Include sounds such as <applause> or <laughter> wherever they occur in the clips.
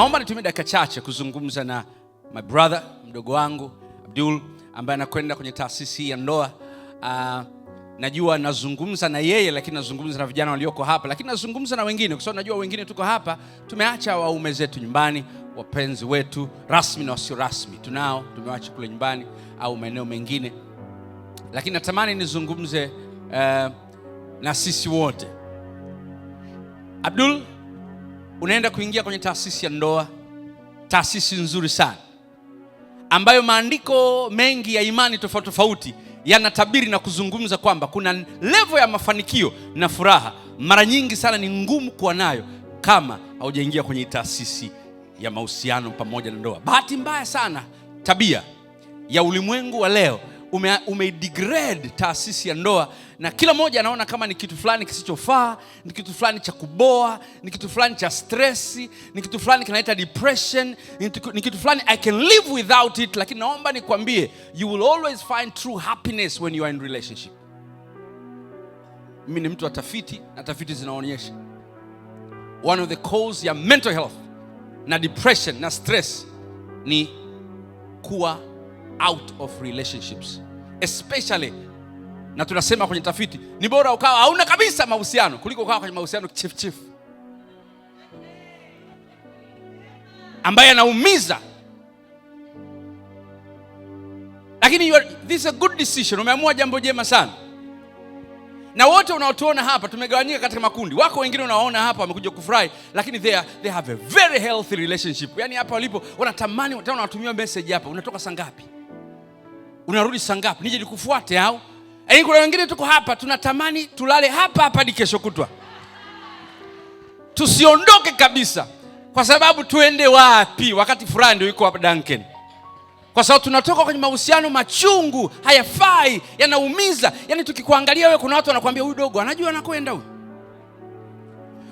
Naomba nitumie dakika chache kuzungumza na my brother mdogo wangu Abdul ambaye anakwenda kwenye taasisi ya ndoa. Uh, najua nazungumza na yeye lakini nazungumza na vijana walioko hapa, lakini nazungumza na wengine kwa sababu najua wengine tuko hapa tumeacha waume zetu nyumbani, wapenzi wetu rasmi na wasio rasmi tunao, tumewacha kule nyumbani au maeneo mengine, lakini natamani nizungumze uh, na sisi wote Abdul unaenda kuingia kwenye taasisi ya ndoa, taasisi nzuri sana ambayo maandiko mengi ya imani tofauti tofauti yanatabiri na kuzungumza kwamba kuna levo ya mafanikio na furaha, mara nyingi sana ni ngumu kuwa nayo kama haujaingia kwenye taasisi ya mahusiano pamoja na ndoa. Bahati mbaya sana, tabia ya ulimwengu wa leo ume, umeidegrade taasisi ya ndoa, na kila mmoja anaona kama ni kitu fulani kisichofaa, ni kitu fulani cha kuboa, ni kitu fulani cha stresi ni kitu fulani kinaita depression, ni kitu fulani I can live without it. Lakini naomba nikwambie, you will always find true happiness when you are in relationship. Mimi ni mtu wa tafiti na tafiti zinaonyesha one of the cause ya mental health na depression na stress ni kuwa out of relationships especially, na tunasema kwenye tafiti ni bora ukawa hauna kabisa mahusiano kuliko ukawa kwenye mahusiano chief chief ambaye anaumiza, lakini you are, this is a good decision. Umeamua jambo jema sana, na wote unaotuona hapa tumegawanyika katika makundi. Wako wengine unaona hapa wamekuja kufurahi, lakini they are, they have a very healthy relationship. Yani hapa walipo wanatamani tena, wanatumia message hapa, unatoka sangapi ngapi? unarudi saa ngapi? Nije nikufuate au? lakini kuna wengine tuko hapa tunatamani tulale hapa hapa hadi kesho kutwa, tusiondoke kabisa, kwa sababu tuende wapi? Wakati fulani ndio iko hapa Duncan, kwa sababu tunatoka kwenye mahusiano machungu, hayafai, yanaumiza. Yaani tukikuangalia wewe, kuna watu wanakuambia huyu dogo anajua anakwenda, huyu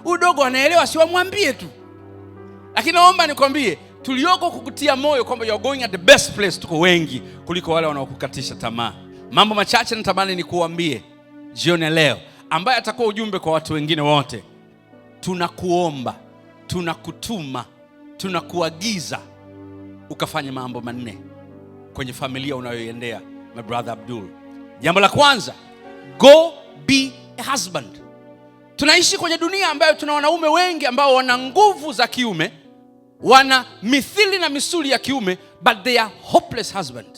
huyu dogo anaelewa, siwamwambie tu. Lakini naomba nikwambie tulioko kukutia moyo kwamba you are going at the best place, tuko wengi kuliko wale wanaokukatisha tamaa. Mambo machache natamani kuambie jioni ya leo, ambaye atakuwa ujumbe kwa watu wengine wote. Tunakuomba, tunakutuma, tunakuagiza ukafanye mambo manne kwenye familia unayoiendea, my brother Abdul. Jambo la kwanza, go be a husband. Tunaishi kwenye dunia ambayo tuna wanaume wengi ambao wana nguvu za kiume wana mithili na misuli ya kiume but they are hopeless husband.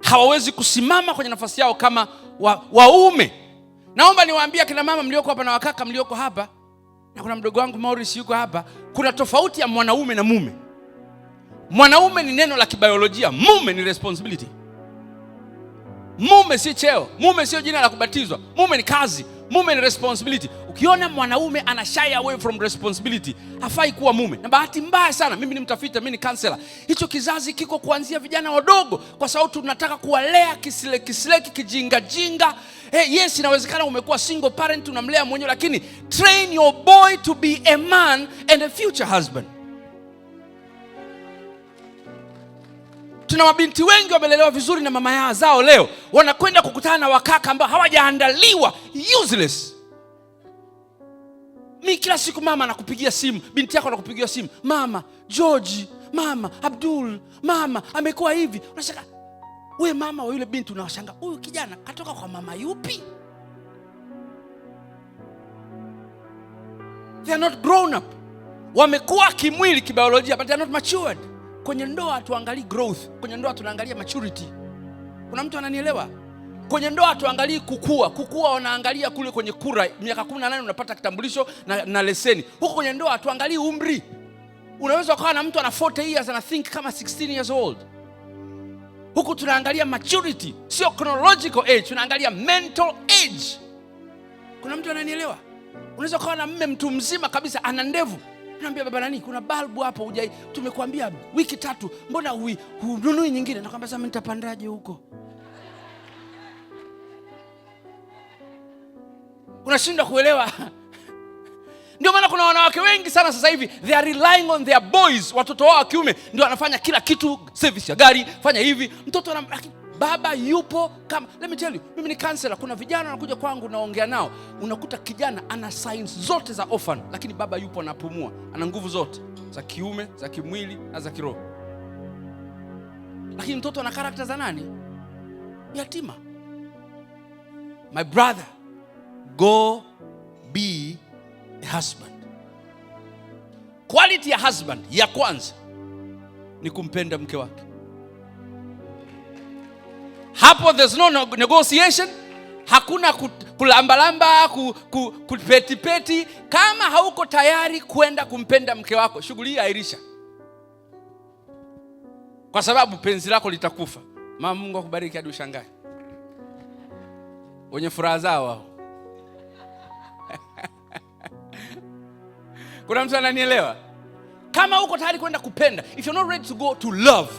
Hawawezi kusimama kwenye nafasi yao kama wa, waume. Naomba niwaambie akina mama mlioko hapa na wakaka mlioko hapa, na kuna mdogo wangu Maurice yuko hapa, kuna tofauti ya mwanaume na mume. Mwanaume ni neno la kibiolojia, mume ni responsibility. Mume si cheo, mume sio jina la kubatizwa, mume ni kazi, Mume ni responsibility. Ukiona mwanaume ana shy away from responsibility, hafai kuwa mume. Na bahati mbaya sana, mimi ni mtafiti, mimi ni counselor, hicho kizazi kiko kuanzia vijana wadogo, kwa sababu tunataka kuwalea kisile kisileki kijingajinga. Hey, eh, yes, inawezekana umekuwa single parent, unamlea mwenyewe, lakini train your boy to be a man and a future husband. tuna mabinti wengi wamelelewa vizuri na mama yao zao, leo wanakwenda kukutana na wakaka ambao hawajaandaliwa useless. Mi kila siku mama anakupigia simu, binti yako anakupigia simu, mama George, mama Abdul, mama amekuwa hivi. Unashanga we mama wa yule binti, unawashanga huyu kijana katoka kwa mama yupi? They are not grown up, wamekuwa kimwili, kibiolojia, but they are not matured. Kwenye ndoa hatuangalii growth, kwenye ndoa tunaangalia maturity. Kuna mtu ananielewa? Kwenye ndoa hatuangalii kukua, kukua wanaangalia kule kwenye kura, miaka 18 unapata kitambulisho na, na leseni. Huko kwenye ndoa hatuangalii umri. Unaweza ukawa na mtu ana 40 years ana think kama 16 years old. Huku tunaangalia maturity, sio chronological age, tunaangalia mental age. Kuna mtu ananielewa? Unaweza ukawa na mme mtu mzima kabisa ana ndevu naambia baba nani, kuna balbu hapo hujai, tumekuambia wiki tatu, mbona hununui nyingine? Nakwambia sasa nitapandaje huko? Unashindwa kuelewa. <laughs> Ndio maana kuna wanawake wengi sana sasa hivi they are relying on their boys, watoto wao wa kiume ndio wanafanya kila kitu, service ya gari, fanya hivi, mtoto ana baba yupo kama. Let me tell you, mimi ni kansela. Kuna vijana wanakuja kwangu, naongea nao, unakuta kijana ana signs zote za orphan, lakini baba yupo, anapumua, ana nguvu zote za kiume, za kimwili na za kiroho, lakini mtoto ana karakta za nani? Yatima. My brother, go be a husband. Quality ya husband ya kwanza ni kumpenda mke wake hapo, there's no negotiation, hakuna kulambalamba ku, ku, kupetipeti. Kama hauko tayari kwenda kumpenda mke wako, shughuli hii airisha, kwa sababu penzi lako litakufa. Mama, Mungu akubariki hadi ushangae, wenye furaha zao wao. <laughs> Kuna mtu ananielewa? Kama uko tayari kwenda kupenda, if you're not ready to go to love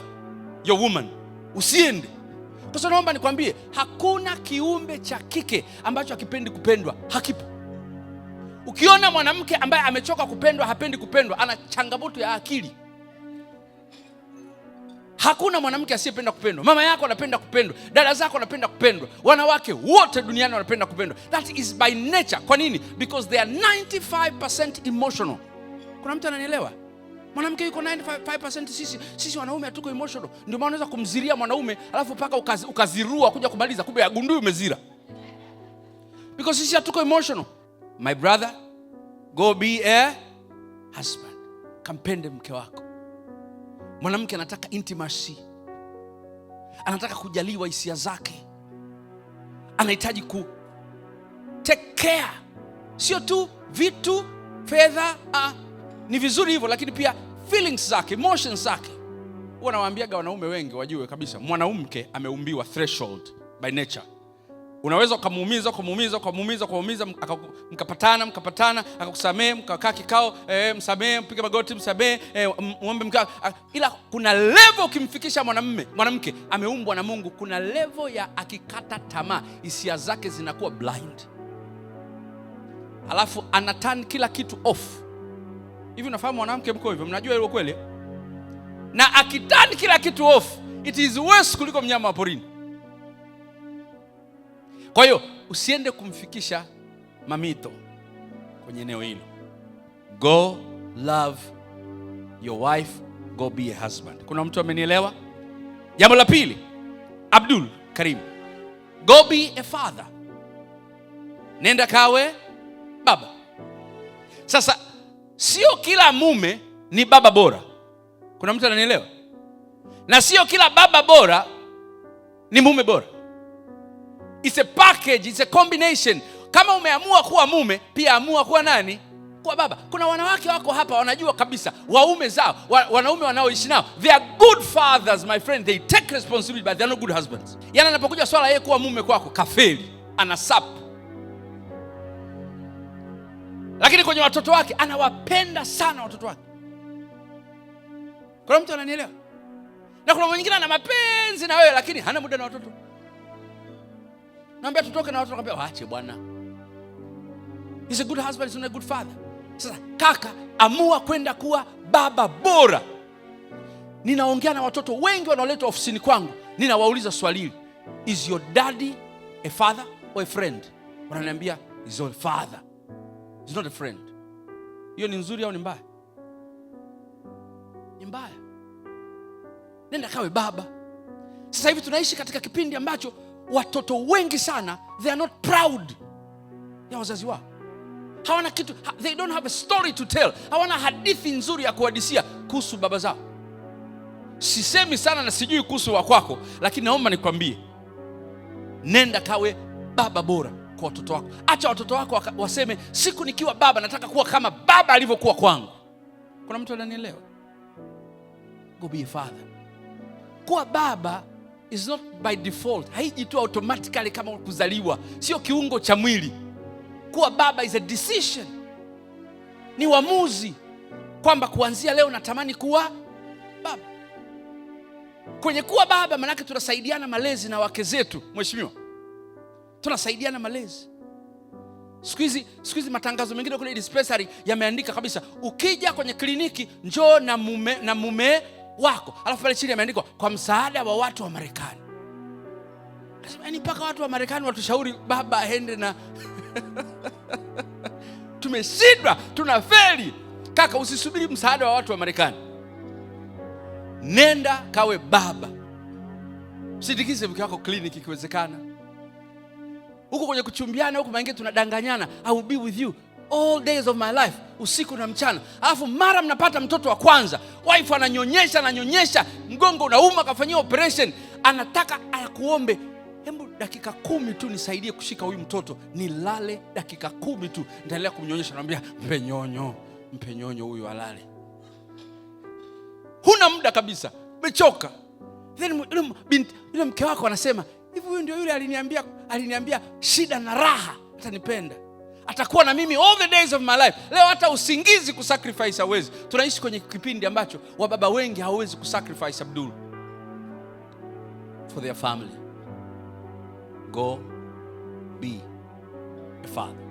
your woman, usiende. Sasa naomba nikwambie, hakuna kiumbe cha kike ambacho hakipendi kupendwa, hakipo. Ukiona mwanamke ambaye amechoka kupendwa, hapendi kupendwa, ana changamoto ya akili. Hakuna mwanamke asiyependa kupendwa. Mama yako anapenda kupendwa, dada zako anapenda kupendwa, wanawake wote duniani wanapenda kupendwa. That is by nature. Kwa nini? Because they are 95% emotional. Kuna mtu ananielewa? Mwanamke yuko 95% sisi sisi wanaume hatuko emotional. Ndio maana unaweza kumziria mwanaume alafu paka ukazirua kuja kumaliza kumbe agundui umezira. Because sisi hatuko emotional. My brother, go be a husband. Kampende mke wako. Mwanamke anataka intimacy. Anataka kujaliwa hisia zake. Anahitaji ku take care. Sio tu vitu, fedha, ah, ni vizuri hivyo lakini pia feelings zake, emotions zake. Huwa nawaambiaga wanaume wengi wajue kabisa, mwanamke ameumbiwa threshold by nature. Unaweza ukamuumiza ukamuumiza ukamuumiza ukamuumiza, mkapatana mkapatana, akakusamehe, mkakaa kikao, e, msamehe, mpiga magoti, msamehe, e, eh, muombe mkao. Ah, ila kuna level ukimfikisha mwanamume, mwanamke ameumbwa na Mungu, kuna level ya akikata tamaa, hisia zake zinakuwa blind, alafu anatan kila kitu off Hivi unafahamu mwanamke mko hivyo, mnajua hilo kweli? Na akitani kila kitu off, it is worse kuliko mnyama wa porini. Kwa hiyo usiende kumfikisha mamito kwenye eneo hilo. Go love your wife, go be a husband. Kuna mtu amenielewa? Jambo la pili, Abdul Karim, go be a father, nenda kawe baba. Sasa sio kila mume ni baba bora. Kuna mtu ananielewa? Na sio kila baba bora ni mume bora. It's a package, it's a combination. Kama umeamua kuwa mume, pia amua kuwa nani? Kuwa baba. Kuna wanawake wako hapa wanajua kabisa waume zao, wa, wanaume wanaoishi nao, they are good fathers my friend, they take responsibility but they are not good husbands. Yaani anapokuja swala yeye kuwa mume kwako, kafeli, anasapu lakini kwenye watoto wake anawapenda sana watoto wake. Kuna mtu ananielewa? Na kuna mwingine ana mapenzi na wewe, lakini hana muda na watoto. Naambia tutoke na watoto, nakwambia waache bwana. He's a good husband, he's not a good father. Sasa kaka, amua kwenda kuwa baba bora. Ninaongea na watoto wengi wanaoletwa ofisini kwangu, ninawauliza swali hili, is your daddy a father or a friend? Wananiambia is your father is not a friend. Hiyo ni nzuri au ni mbaya? Ni mbaya. Nenda kawe baba. Sasa hivi tunaishi katika kipindi ambacho watoto wengi sana they are not proud ya wazazi wao. Hawana kitu, they don't have a story to tell. Hawana hadithi nzuri ya kuhadisia kuhusu baba zao. Sisemi sana na sijui kuhusu wa kwako, lakini naomba nikwambie, nenda kawe baba bora kwa watoto wako. Acha watoto wako waseme, siku nikiwa baba nataka kuwa kama baba alivyokuwa kwangu. Kuna mtu ananielewa? Go be a father. Kuwa baba is not by default, haiji tu automatically kama kuzaliwa, sio kiungo cha mwili. Kuwa baba is a decision, ni uamuzi kwamba kuanzia leo natamani kuwa baba. Kwenye kuwa baba, maanake tunasaidiana malezi na wake zetu, mheshimiwa tunasaidiana malezi. Siku hizi siku hizi matangazo mengine kule dispensary yameandika kabisa, ukija kwenye kliniki njoo na mume, na mume wako, alafu pale chini yameandikwa kwa msaada wa watu wa Marekani. Yaani mpaka watu wa Marekani watushauri baba aende na <laughs> tumeshindwa, tunafeli. Kaka, usisubiri msaada wa watu wa Marekani, nenda kawe baba, sindikize mke wako kliniki ikiwezekana huko kwenye kuchumbiana huko maingie tunadanganyana, I will be with you all days of my life, usiku na mchana. Alafu mara mnapata mtoto wa kwanza, wife ananyonyesha, ananyonyesha, mgongo unauma, akafanyia operation, anataka akuombe, hebu dakika kumi tu nisaidie kushika huyu mtoto nilale dakika kumi tu, nitaendelea kumnyonyesha. Naambia mpe nyonyo, mpe nyonyo huyu alale. Huna muda kabisa, mechoka Then yule mke wako anasema hivi, huyu ndio yule aliniambia aliniambia shida na raha atanipenda, atakuwa na mimi all the days of my life. Leo hata usingizi kusacrifice hawezi. Tunaishi kwenye kipindi ambacho wababa wengi hawawezi kusacrifice Abdul for their family. Go be a father.